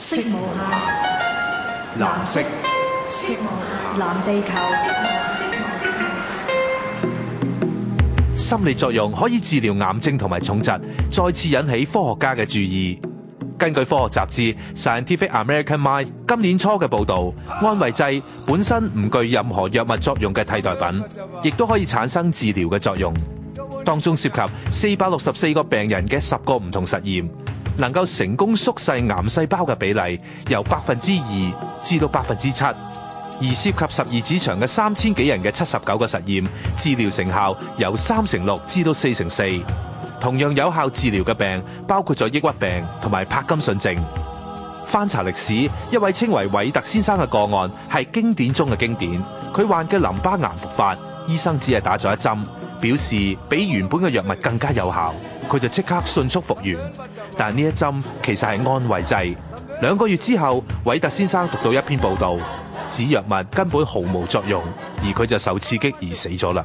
色無限，藍色。色無藍地球。心理作用可以治療癌症同埋重疾，再次引起科學家嘅注意。根據科學雜誌《Scientific American Mind》Mind 今年初嘅報導，安慰劑本身唔具任何藥物作用嘅替代品，亦都可以產生治療嘅作用。當中涉及四百六十四個病人嘅十個唔同實驗。能夠成功縮細癌細胞嘅比例由百分之二至到百分之七，而涉及十二指腸嘅三千幾人嘅七十九個實驗治療成效由三成六至到四成四。同樣有效治療嘅病包括咗抑鬱病同埋柏金遜症。翻查歷史，一位稱為韋特先生嘅個案係經典中嘅經典，佢患嘅淋巴癌復發，醫生只係打咗一針。表示比原本嘅藥物更加有效，佢就即刻迅速復原。但呢一針其實係安慰劑。兩個月之後，韋特先生讀到一篇報道，指藥物根本毫無作用，而佢就受刺激而死咗啦。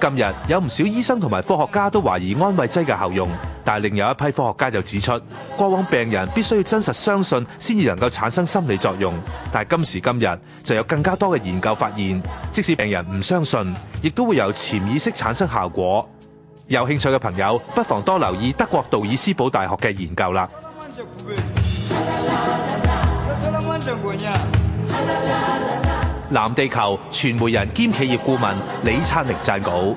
今日有唔少醫生同埋科學家都懷疑安慰劑嘅效用。但另有一批科學家就指出，過往病人必須要真實相信，先至能夠產生心理作用。但係今時今日，就有更加多嘅研究發現，即使病人唔相信，亦都會由潛意識產生效果。有興趣嘅朋友，不妨多留意德國杜伊斯堡大學嘅研究啦。藍地球，傳媒人兼企業顧問李燦榮撰稿。